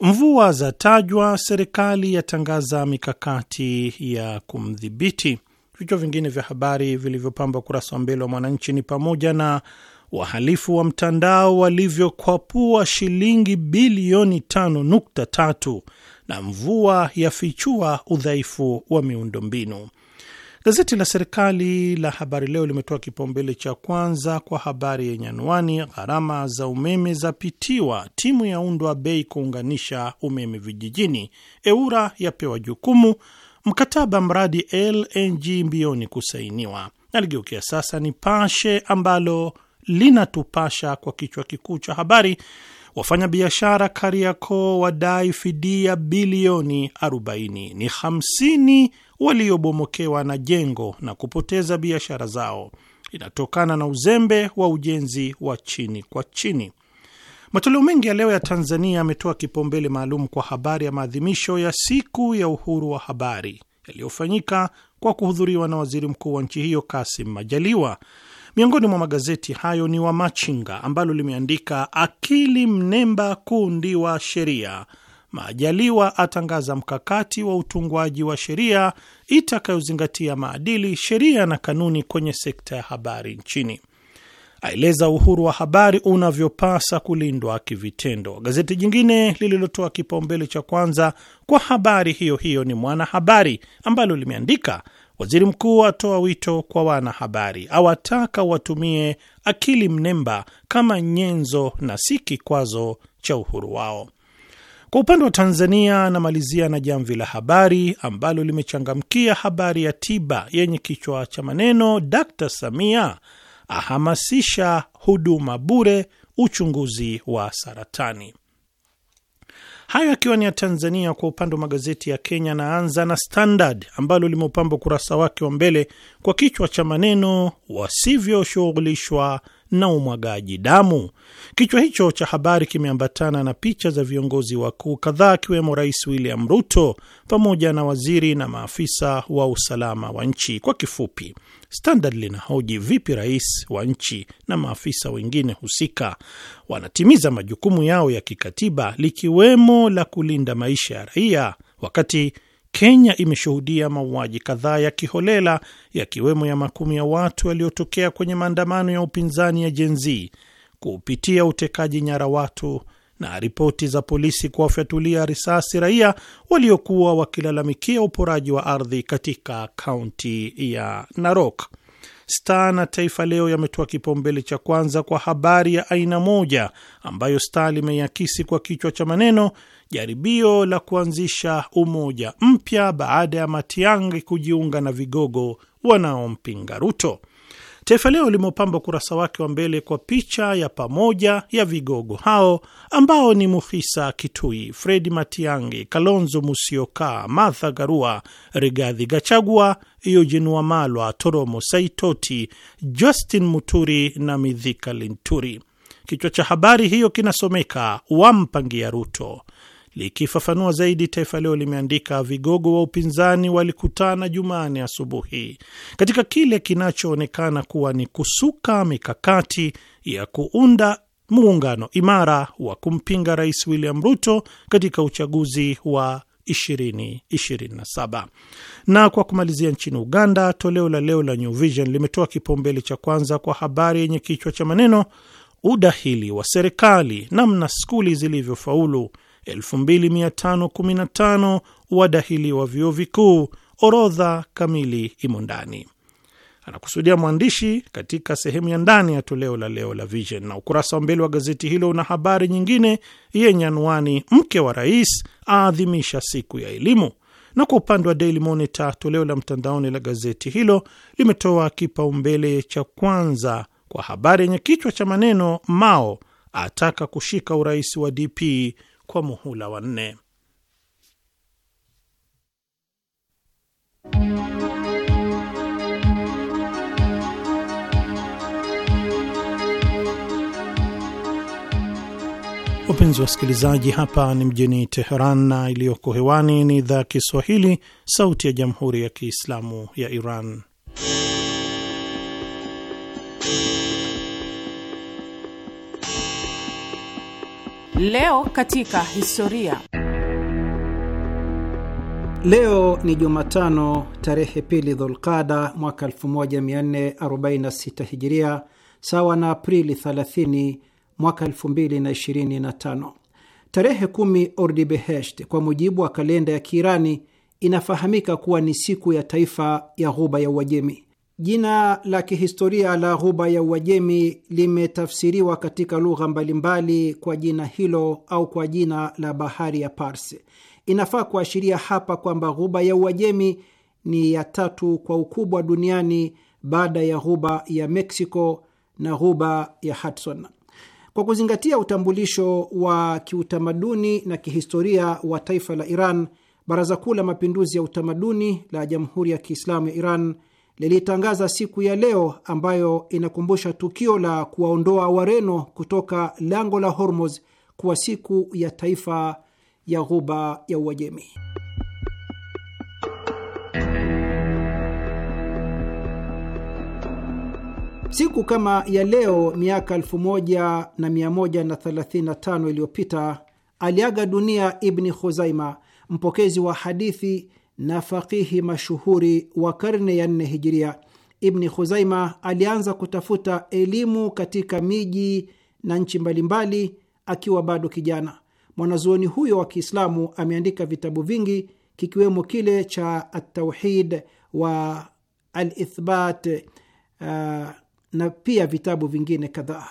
Mvua za tajwa, serikali yatangaza mikakati ya kumdhibiti. Vichwa vingine vya habari vilivyopamba ukurasa wa mbele wa Mwananchi ni pamoja na wahalifu wa mtandao walivyokwapua shilingi bilioni tano nukta tatu na mvua yafichua udhaifu wa miundombinu. Gazeti la serikali la Habari Leo limetoa kipaumbele cha kwanza kwa habari yenye anwani gharama za umeme zapitiwa, timu ya undwa bei kuunganisha umeme vijijini, eura yapewa jukumu, mkataba mradi LNG mbioni kusainiwa. Aligeukia sasa ni pashe ambalo linatupasha kwa kichwa kikuu cha habari, wafanyabiashara Kariakoo wadai fidia bilioni 40 ni 50 waliobomokewa na jengo na kupoteza biashara zao inatokana na uzembe wa ujenzi wa chini kwa chini. Matoleo mengi ya leo ya Tanzania yametoa kipaumbele maalum kwa habari ya maadhimisho ya siku ya uhuru wa habari yaliyofanyika kwa kuhudhuriwa na waziri mkuu wa nchi hiyo Kasim Majaliwa. Miongoni mwa magazeti hayo ni Wamachinga ambalo limeandika akili mnemba kuundiwa wa sheria Majaliwa atangaza mkakati wa utungwaji wa sheria itakayozingatia maadili, sheria na kanuni kwenye sekta ya habari nchini. Aeleza uhuru wa habari unavyopasa kulindwa kivitendo. Gazeti jingine lililotoa kipaumbele cha kwanza kwa habari hiyo hiyo ni Mwanahabari ambalo limeandika waziri mkuu atoa wito kwa wanahabari, awataka watumie akili mnemba kama nyenzo na si kikwazo cha uhuru wao. Kwa upande wa Tanzania, anamalizia na Jamvi la Habari ambalo limechangamkia habari ya tiba yenye kichwa cha maneno Dkt Samia ahamasisha huduma bure uchunguzi wa saratani. Hayo akiwa ni ya Tanzania. Kwa upande wa magazeti ya Kenya, naanza na Standard ambalo limeupamba ukurasa wake wa mbele kwa kichwa cha maneno wasivyoshughulishwa na umwagaji damu. Kichwa hicho cha habari kimeambatana na picha za viongozi wakuu kadhaa akiwemo Rais William Ruto pamoja na waziri na maafisa wa usalama wa nchi. Kwa kifupi, Standard linahoji vipi rais wa nchi na maafisa wengine husika wanatimiza majukumu yao ya kikatiba likiwemo la kulinda maisha ya raia wakati Kenya imeshuhudia mauaji kadhaa ya kiholela yakiwemo ya makumi ya watu yaliyotokea kwenye maandamano ya upinzani ya Gen Z kupitia utekaji nyara watu na ripoti za polisi kuwafyatulia risasi raia waliokuwa wakilalamikia uporaji wa ardhi katika kaunti ya Narok. Star na Taifa Leo yametoa kipaumbele cha kwanza kwa habari ya aina moja ambayo Star limeiakisi kwa kichwa cha maneno jaribio la kuanzisha umoja mpya baada ya Matiang'i kujiunga na vigogo wanaompinga Ruto. Taifa Leo limepamba ukurasa wake wa mbele kwa picha ya pamoja ya vigogo hao ambao ni Mukhisa Kitui, Fredi Matiang'i, Kalonzo Musyoka, Martha garua Rigathi Gachagua, Eugene Wamalwa, Toromo Saitoti, Justin Muturi na midhika Linturi. Kichwa cha habari hiyo kinasomeka wampangia Ruto Likifafanua zaidi, Taifa Leo limeandika vigogo wa upinzani walikutana Jumanne asubuhi katika kile kinachoonekana kuwa ni kusuka mikakati ya kuunda muungano imara wa kumpinga Rais William Ruto katika uchaguzi wa 2027. Na kwa kumalizia, nchini Uganda, toleo la leo la New Vision limetoa kipaumbele cha kwanza kwa habari yenye kichwa cha maneno udahili wa serikali, namna skuli zilivyofaulu 2515 wadahiliwa vyuo vikuu. Orodha kamili imo ndani, anakusudia mwandishi katika sehemu ya ndani ya toleo la leo la Vision. Na ukurasa wa mbele wa gazeti hilo una habari nyingine yenye anwani, mke wa rais aadhimisha siku ya elimu na kwa upande wa Daily Monitor toleo la mtandaoni la gazeti hilo limetoa kipaumbele cha kwanza kwa habari yenye kichwa cha maneno Mao ataka kushika urais wa DP kwa muhula wa nne. Wapenzi wasikilizaji, hapa ni mjini Teheran na iliyoko hewani ni idhaa ya Kiswahili, Sauti ya Jamhuri ya Kiislamu ya Iran. Leo katika historia. Leo ni Jumatano tarehe pili Dhulqada mwaka 1446 Hijiria, sawa na Aprili 30 mwaka 2025. Tarehe kumi Ordibehesht kwa mujibu wa kalenda ya Kiirani inafahamika kuwa ni siku ya taifa ya Ghuba ya Uajemi. Jina la kihistoria la ghuba ya Uajemi limetafsiriwa katika lugha mbalimbali kwa jina hilo au kwa jina la bahari ya Parsi. Inafaa kuashiria hapa kwamba ghuba ya Uajemi ni ya tatu kwa ukubwa duniani baada ya ghuba ya Meksiko na ghuba ya Hudson. Kwa kuzingatia utambulisho wa kiutamaduni na kihistoria wa taifa la Iran, Baraza Kuu la Mapinduzi ya Utamaduni la Jamhuri ya Kiislamu ya Iran lilitangaza siku ya leo ambayo inakumbusha tukio la kuwaondoa Wareno kutoka lango la Hormuz kuwa siku ya taifa ya Ghuba ya Uajemi. Siku kama ya leo miaka 1135 iliyopita aliaga dunia Ibni Khuzaima, mpokezi wa hadithi na faqihi mashuhuri wa karne ya nne hijiria. Ibni Khuzaima alianza kutafuta elimu katika miji na nchi mbalimbali akiwa bado kijana. Mwanazuoni huyo wa Kiislamu ameandika vitabu vingi kikiwemo kile cha Atauhid wa Alithbat uh, na pia vitabu vingine kadhaa.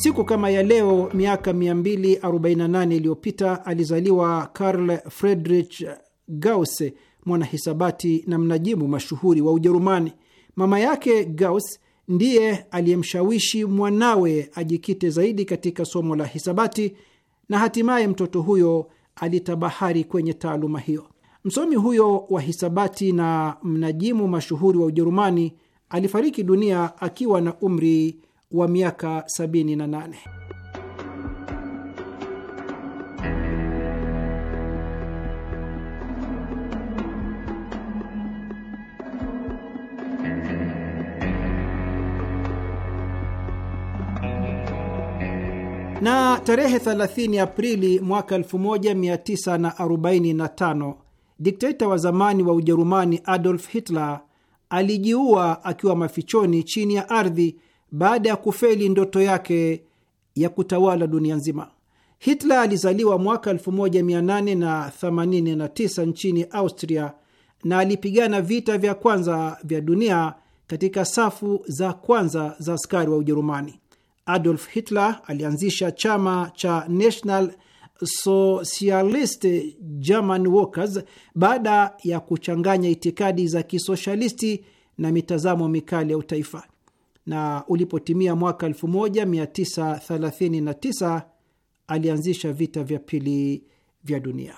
Siku kama ya leo miaka 248 iliyopita alizaliwa Karl Friedrich Gauss, mwanahisabati na mnajimu mashuhuri wa Ujerumani. Mama yake Gauss ndiye aliyemshawishi mwanawe ajikite zaidi katika somo la hisabati na hatimaye mtoto huyo alitabahari kwenye taaluma hiyo. Msomi huyo wa hisabati na mnajimu mashuhuri wa Ujerumani alifariki dunia akiwa na umri wa miaka 78. na tarehe 30 Aprili mwaka 1945 dikteta wa zamani wa Ujerumani Adolf Hitler alijiua akiwa mafichoni chini ya ardhi baada ya kufeli ndoto yake ya kutawala dunia nzima. Hitler alizaliwa mwaka 1889 nchini Austria na alipigana vita vya kwanza vya dunia katika safu za kwanza za askari wa Ujerumani. Adolf Hitler alianzisha chama cha National Socialist German Workers baada ya kuchanganya itikadi za kisoshalisti na mitazamo mikali ya utaifa na ulipotimia mwaka 1939 alianzisha vita vya pili vya dunia.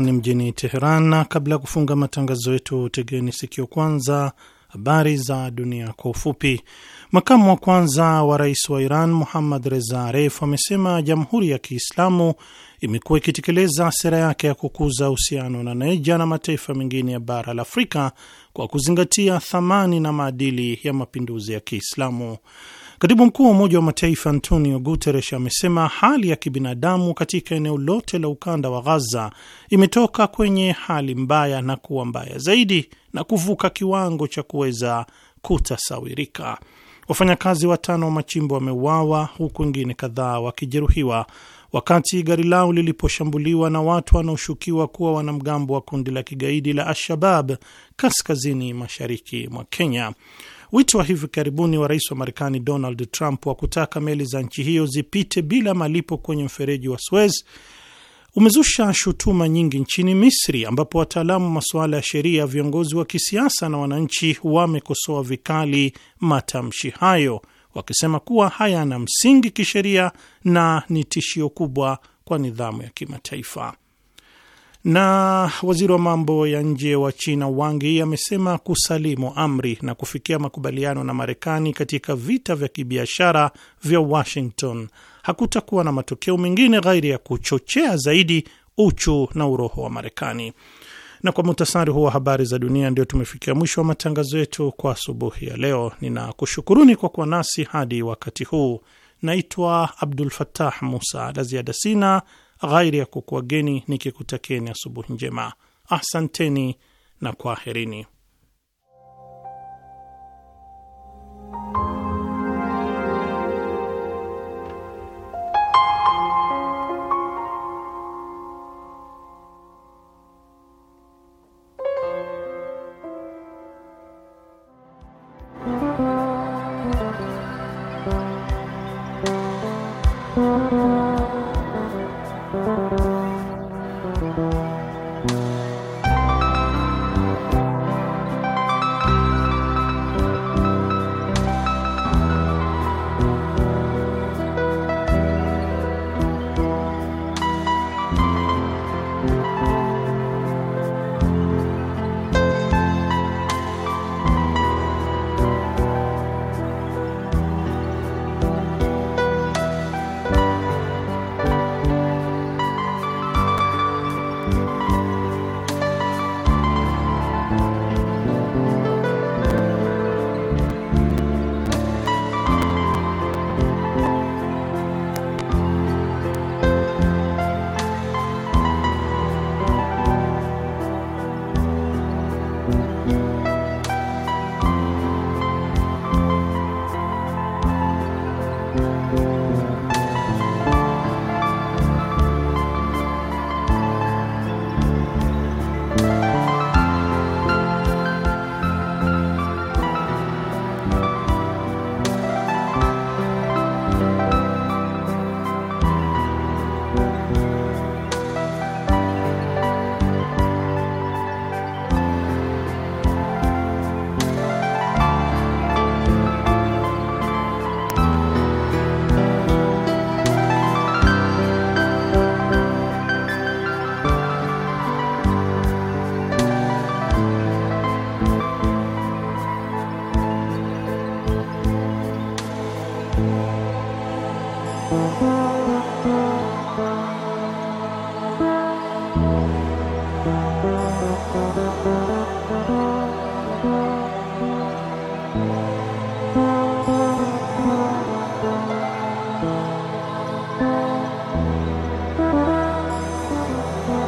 ni mjini Teheran, na kabla ya kufunga matangazo yetu, tegeni sikio kwanza habari za dunia kwa ufupi. Makamu wa kwanza wa rais wa Iran Muhammad Reza Aref amesema Jamhuri ya Kiislamu imekuwa ikitekeleza sera yake ya kukuza uhusiano na naija na mataifa mengine ya bara la Afrika kwa kuzingatia thamani na maadili ya mapinduzi ya Kiislamu. Katibu mkuu wa Umoja wa Mataifa Antonio Guterres amesema hali ya kibinadamu katika eneo lote la ukanda wa Ghaza imetoka kwenye hali mbaya na kuwa mbaya zaidi na kuvuka kiwango cha kuweza kutasawirika. Wafanyakazi watano wa machimbo wameuawa huku wengine kadhaa wakijeruhiwa wakati gari lao liliposhambuliwa na watu wanaoshukiwa kuwa wanamgambo wa kundi la kigaidi la Al-Shabab kaskazini mashariki mwa Kenya. Wito wa hivi karibuni wa rais wa Marekani Donald Trump wa kutaka meli za nchi hiyo zipite bila malipo kwenye mfereji wa Suez umezusha shutuma nyingi nchini Misri, ambapo wataalamu masuala ya sheria, viongozi wa kisiasa na wananchi wamekosoa vikali matamshi hayo, wakisema kuwa hayana msingi kisheria na ni tishio kubwa kwa nidhamu ya kimataifa. Na waziri wa mambo ya nje wa China Wang Yi amesema kusalimu amri na kufikia makubaliano na Marekani katika vita vya kibiashara vya Washington hakutakuwa na matokeo mengine ghairi ya kuchochea zaidi uchu na uroho wa Marekani. Na kwa muhtasari huo wa habari za dunia, ndio tumefikia mwisho wa matangazo yetu kwa asubuhi ya leo. Ninakushukuruni kwa kuwa nasi hadi wakati huu. Naitwa Abdul fatah Musa. La ziada sina ghairi ya kukuageni nikikutakieni asubuhi njema. Ahsanteni na kwaherini.